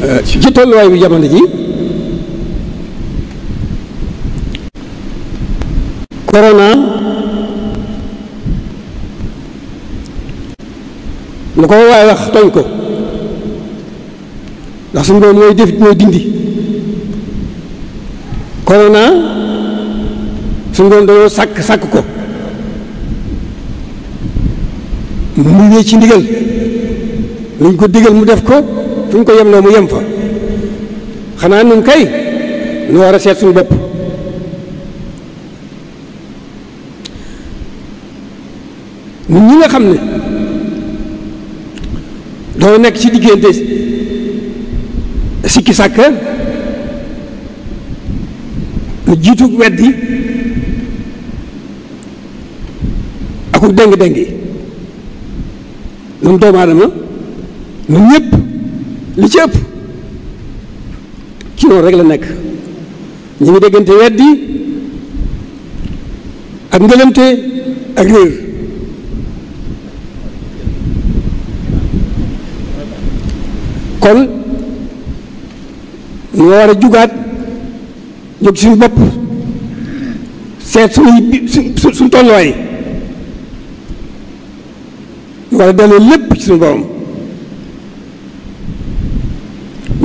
Euh, ci tolluwaay bi jamono ji corona lu ko waay wax tooñ ko ndax suñu boobu mooy def mooy dindi corona suñu boobu dañoo sàkk sàkk ko mu ñëw ci ndigal luñ ko digal mu def ko fu ñu ko yem loo mu yem fa xanaa nun kay nu war a seet suñu bopp ñun ñi nga xam ne doo nekk ci diggante sikki sàkk lu jiitu weddi aku déng-déng yi ñun doomu aadama ñun ñëpp li ci ëpp ci noonu rek la nekk ñu ngi déggante weddi ak ngelante ak réer kon ñoo war a jugaat jóg suñu bopp seet suñuy su suñu tolluwaay war a delloo lépp ci suñu borom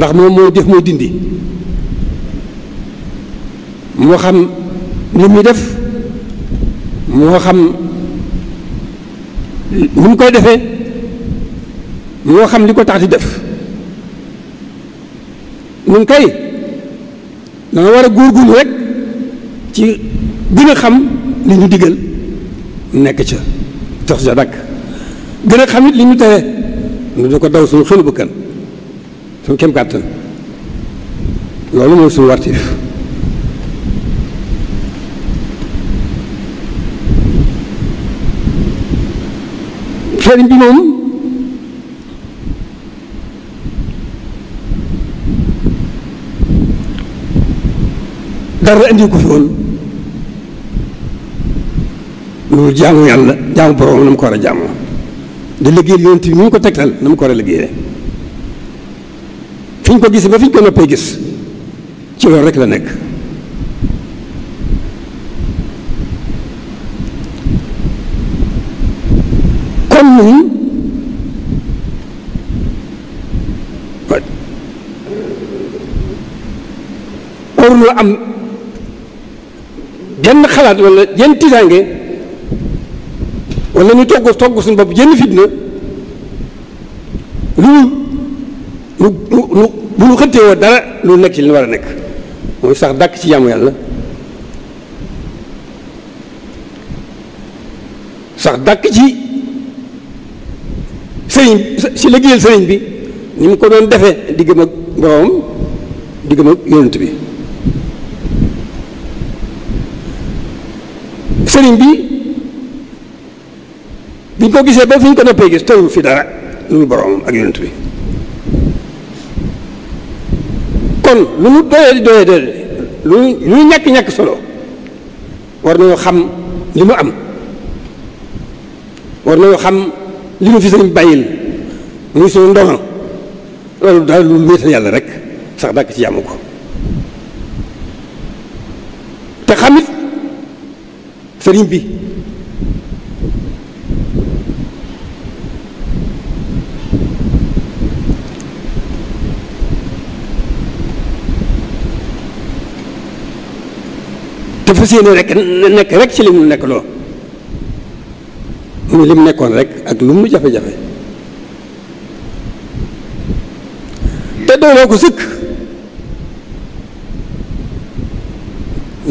ndax moom moo def moo dindi moo xam li muy def moo xam ni mu koy defee moo xam li ko tax di def mu kay danga war a góorgóorlu rek ci gën a xam li ñu digal nekk ca tax sa dakk gën a xam it li ñu tere nu du ko daw suñu xelu bëkkan suñu kem kàttan loolu mooy suñu wartiif sëriñ bi moom dara indi ko fi woon loolu jaamu yàlla jaamu borom na mu ko war a jaamoo di liggéeyal yonent bi ni mu ko tegtal na mu ko war a liggéeyee fi ñu ko gis ba fi ñu ko noppee gis ci loolu rek la nekk kon ñun warul la am jenn xalaat wala jenn tiitaange wala ñu togg togg suñu bopp jenn fitna lu bul xëtteewoo dara lu nekk ci li war a nekk mooy sax dàkk ci jaamu yàlla sax dàkk ci sëriñ si liggéeyal sëriñ bi ni mu ko doon defe diggam ak boroomam diggam ak yonent bi sëriñ bi biñ ko gisee ba fi ñu ko noppee gis tawul fi dara lu boroomam ak yonent bi kon lu mu doyee di doyee doyee lu ñu ñàkk-ñàkk solo war nañoo xam li mu am war nañoo xam li mu fi sëñ bàyyil muy suñu ndono loolu daal lu wéetal yàlla rek sax dàkk si jàmm ko te xamit sëriñ bi fas yéene rek nekk rek ci li mu nekk loo mu li mu nekkoon rek ak lu mu jafe-jafe te dooloo ko sëkk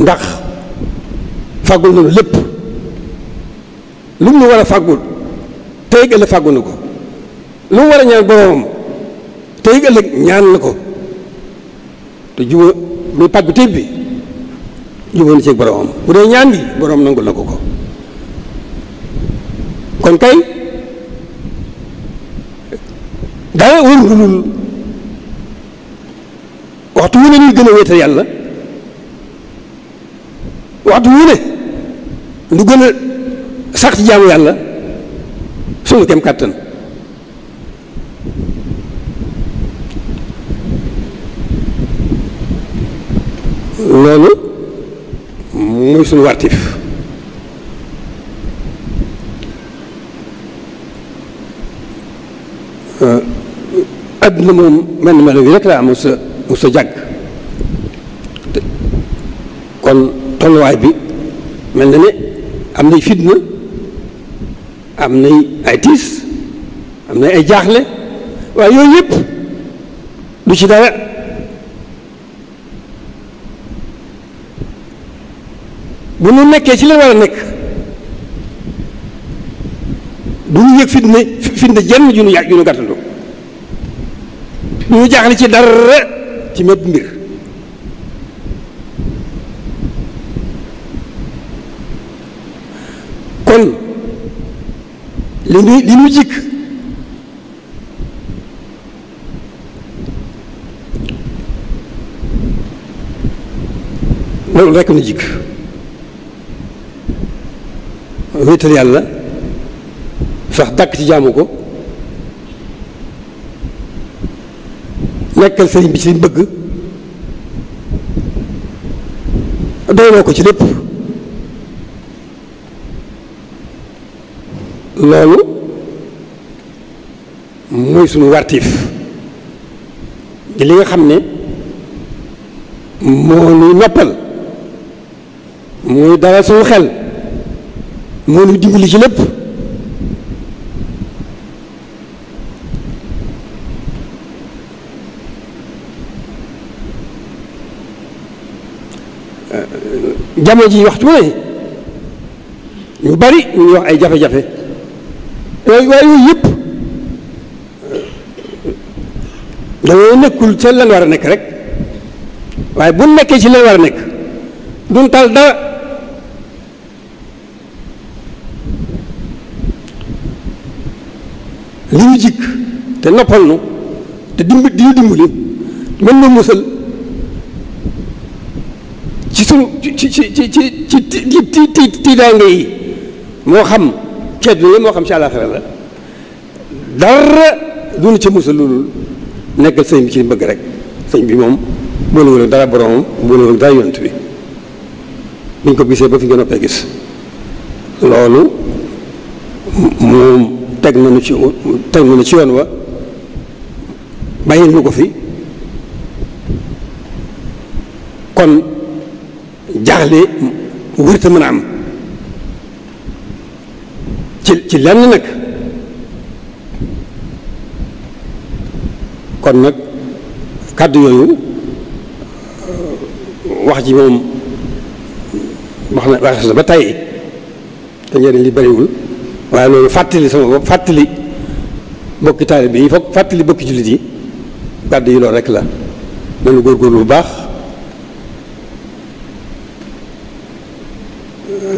ndax fàggul nañu lépp lu mu war a fàggul tey ëllëg fàggu ko lu mu war a ñaan boroomam tey ëllëg ñaan ko te juba muy pàggu téeb bi jubóo na ci boromam bu dee ñaan bi borom nangul na ko ko kon kay dara warul lu waxtu wu ne ñuy gën a yàlla waxtu wu ne lu gën a sax ci jaamu yàlla suñu kem kàttan loolu mooy suñu wartif àdduna euh, moom mel na melo bi rek laa am sa mu sa jàgg kon tolluwaay bi mel na ne am nay fitna am nay ay tiis am nay ay jaaxle waaye yooyu yëpp du ci dara bu ñu nekkee ci leen war a nekk du ñu yëg fitne fitne jenn ju ñu yàgg ju ñu gàttandu du ñu jaaxle ci dara ci mépp mbir kon li ñu li ñu jikk loolu rekk nu jikk wéetal yàlla fex dàkk ci jaamu ko nekkal sëriñ bi ci bëgg doyloo ko ci lépp loolu muy suñu wartiif di li nga xam ni moo nuy noppal muy dalal suñu xel moo ñu dimbali ci lépp jamono ji waxtu ne ñu bari ñu ngi wax ay jafe-jafe yooyu waaye yooyu yëpp dañoo nekkul ca lan war a nekk rek waaye bu nekkee ci lan war a nekk duñ tal dara li ñu jikk te noppal nu te dimb di ñu dimbali mën na musal ci sunu ci ci ci ci ci ci ti ti tiitaange yi moo xam ci àdduna moo xam ci àllaaxira la dara du ci musal loolu nekkal sëñ bi ci bëgg rek sëñ bi moom boolewul ak dara boromam boolewul ak dara yonent bi bu ñu ko gisee ba fi nga noppee gis loolu moom teg nañu ci teg nañu ci yoon wa bàyyil nu ko fi kon jaaxle wërta mën a am ci ci lenn nag kon nag kàddu yooyu euh, wax ji moom wax na ba tey te njëriñ li bariwul waaye loolu fàttali sama bopp fàttali bokki taalibe yi foog fàttali bokki jullit yi kàddu yi loolu rek la nanu góorgóorlu bu baax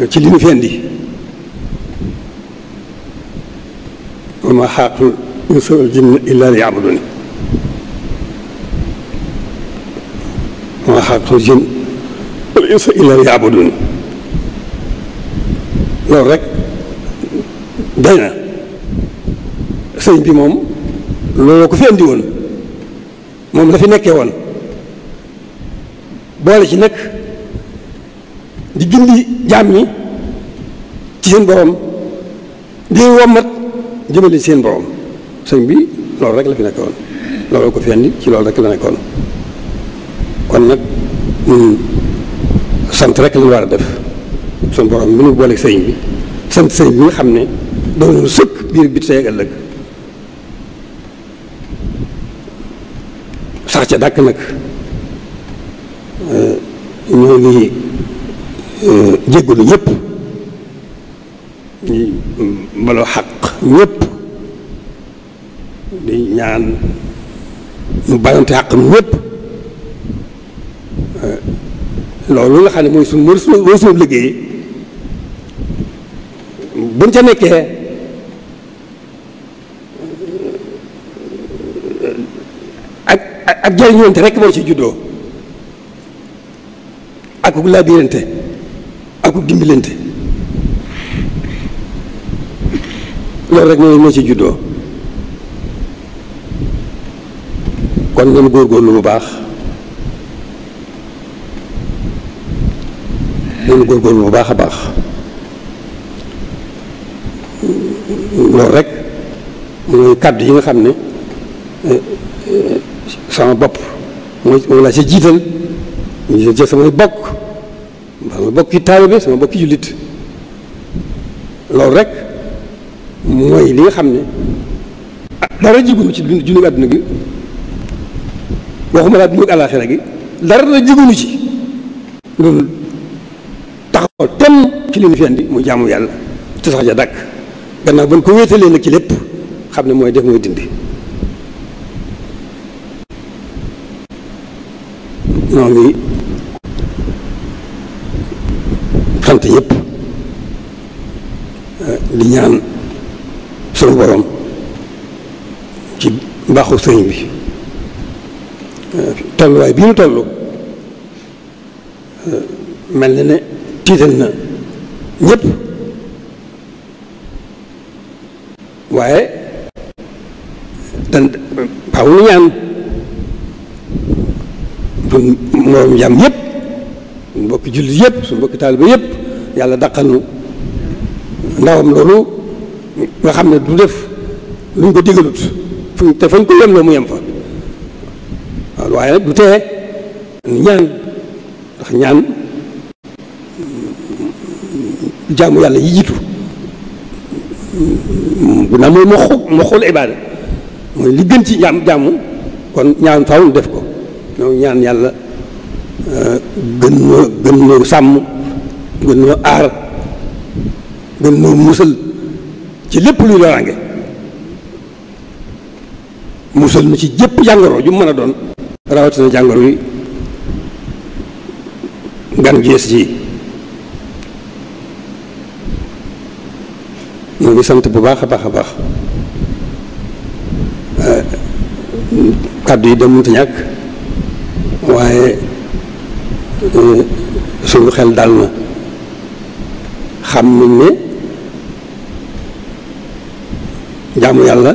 euh, ci li ñu fi indi wa ma xalaqtul insa wal jinna illa liya'budun wa loolu rek doy na sëñ bi moom looloo ko fi andi woon moom la fi nekkee woon boole ci nag di gindi jaam ñi ci seen borom di wommat jëmale seen borom sëñ bi loolu rek la fi nekkee woon looloo ko fi andi ci loolu rekk la nekkoon kon nag ñun sant rekk la ñu war a def sunu borom bi ñu boole sëñ bi sant sëñ bi nga xam ne. doon sëkk biir bi tey ëllëg sax ca dàkk nag euh, ñoo ngi euh, jéggalu ñëpp ñu baloo xaq ñëpp di ñaan ñu balante xaqam ñëpp euh, loolu nga xam ne mooy suñu mooy suñu liggéey buñ ca nekkee ak jëriñoonte rek moo ci juddoo akuk labirante akuk dimbilante loolu rek moo moo ci juddoo kon nañu góorgóorlu bu baax nañu góorgóorlu bu baax a baax loolu rek mooy kàddu yi nga xam ne sama bopp mooy moom laa ci jiital ñu jël samay bokk sama bokk yi taalibe sama bokk jullit loolu rek mooy li nga xam ne ah, dara jigunu ci junni àdduna gi waxuma laa dund àllaaxira gi dara la jigunu ci loolu taxaw tem ci li ñu fi andi mu jaamu yàlla te sax ja dàkk gannaaw ba ñu ko wéetalee nag ci lépp xam ne mooy def mooy dindi ñoo ngi sant ñëpp eh, di ñaan sunu borom ci mbaaxu sëñ bi eh, tolluwaay bi ñu toll eh, mel na ne tiital na ñëpp waaye dan faaw ñu ñaan suñu moom jàmm yëpp suñu mbokki jullit yëpp suñu mbokki taaliba yëpp yàlla daqal nu ndawam loolu nga xam ne du def luñ ko digalut fuñ te fañ ko yem loo mu yem fa waaw waaye du tee ñaan ndax ñaan jaamu yàlla yi jiitu bu naa mooy mooy li ci jàmm jàmm kon ñaan faaw def ko ñoo ñaan yàlla euh, gën noo gën noo sàmm gën noo aar gën noo musal ci lépp luy loraange musal na ci jëpp jàngoro ju mën a doon rawatina jàngoro yi gan gees ji ñu ngi sant bu baax a baax a baax euh, kàddu yi dem mënta ñàkk waaye eh, suñu xel dal na xam nañ ne jaamu yàlla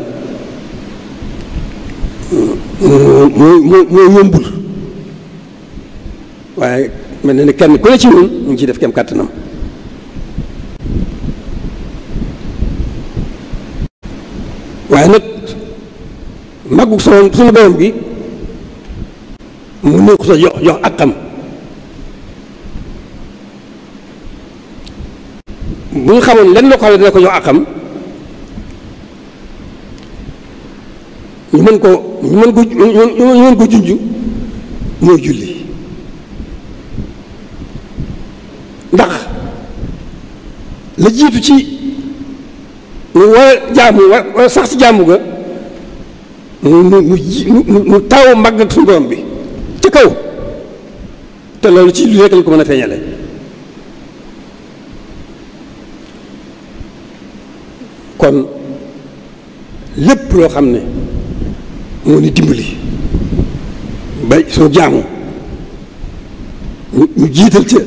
mm, moo moo moo yombul waaye mel na ni kenn ku ne ci ñun ñu ngi def kem kàttanam waaye nag màggu sunu sunu borom bi mu ne ko sa jox jox ak xam bu xamoon lenn loo xam ne dina ko jox ak ñu mën ko ñu mën ko ñu mën ko junj mooy julli ndax la jiitu ci mu war jaamu war sax ci jaamu ga mu mu mu mu taw mbagg ak bi ca kaw te loolu ci lu rek lañ ko mën a feeñale kon lépp loo xam ne moo ni dimbali ba sunu jaamu ñu jiital ci euh,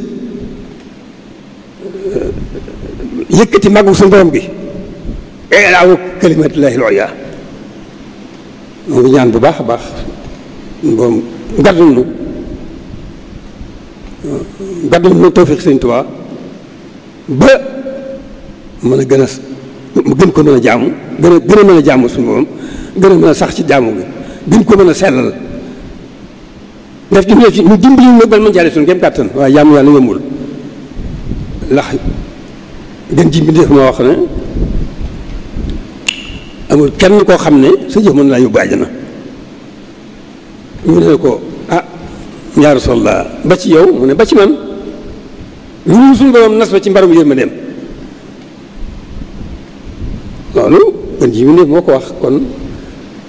yëkkati màggu suñu borom bi eelaawu kalimatullahi loolu yaa mu ngi ñaan bu baax a baax boom gàddul nu gàddul nu tawfiq sëñ Tuubaa ba mën a gën a gën ko mën a jaamu gën a gën a mën a jaamu suñu moom gën a mën a sax ci jaamu bi gën ko mën a sellal def ci ñëw ci ñu dimbali ñu nag bal mën jaare suñu gém kàttan waaye jaamu yàlla yombul ndax gën ji mbindéef moo wax ne amul kenn koo xam ne sa jëf mën laa yóbbu àjjana ñu ne ko ah yaa rasulallah ba ci yow mu ne ba ci man ñu ñun suñu borom nas ba ci mbarum yërmandeem loolu gën ji mu ne moo ko wax kon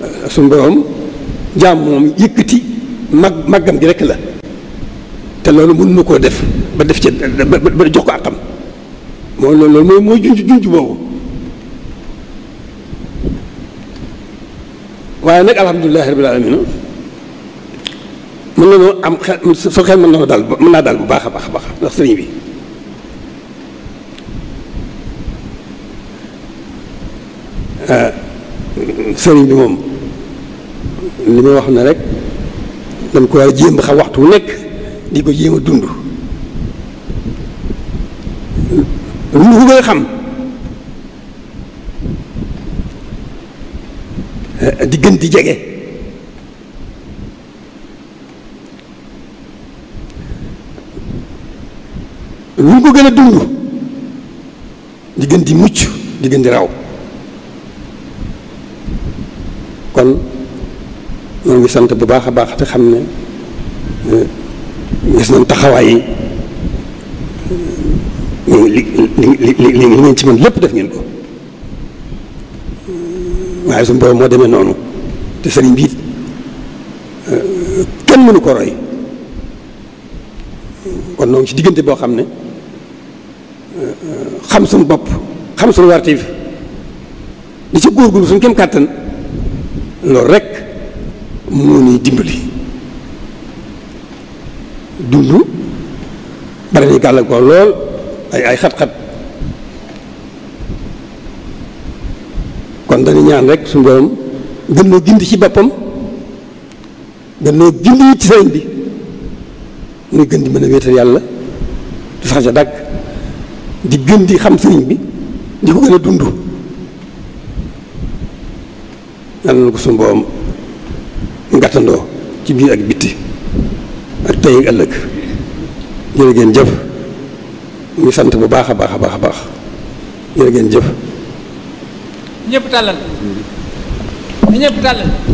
euh, suñu borom jaam moom yëkkati mag gi rek la te loolu mën koo def ba def ci ba jox ko àqam mooy mooy mooy junj boobu waaye nag alhamdulilahi rabil alamin mën na noo am xel sa xel mën na noo daal mën naa daal bu baax a baax a baax ndax sëriñ bi euh, sëriñ bi moom li ma wax na rek dañ ko war a jéem xam waxtu wu nekk di ko jéem a dund lu ñu ko gën xam di gën di jege luñ ko gën a dund di di mucc di di raw kon ñoo ngi sant bu baax a baax te xam ne eh, gis nañ taxawaay yi eh, li li li li ngeen ci man lépp def ngeen ko eh, waaye suñu borom moo demee noonu te sëriñ bi kenn mënu ko roy kon noo ci diggante boo xam ne xam suñu bopp xam suñu wartiif di ci góorgóorlu suñu kem kàttan loolu rek moo ñuy dimbali dund bari nañu gàllankoor lool ay ay xat-xat kon dañu ñaan rek suñu borom gën loo gindi ci boppam gën loo gindi ci sëriñ bi muy gën di mën a wéetal yàlla du sax ca dàkk di gën di xam sëriñ bi di ko gën a dund yàlla na ko suñu borom ci biir ak bitti ak tey ak ëllëg jërë ngeen jëf ñu sant bu baax a baax a baax a baax jërë ngeen jëf tàllal ñëpp tàllal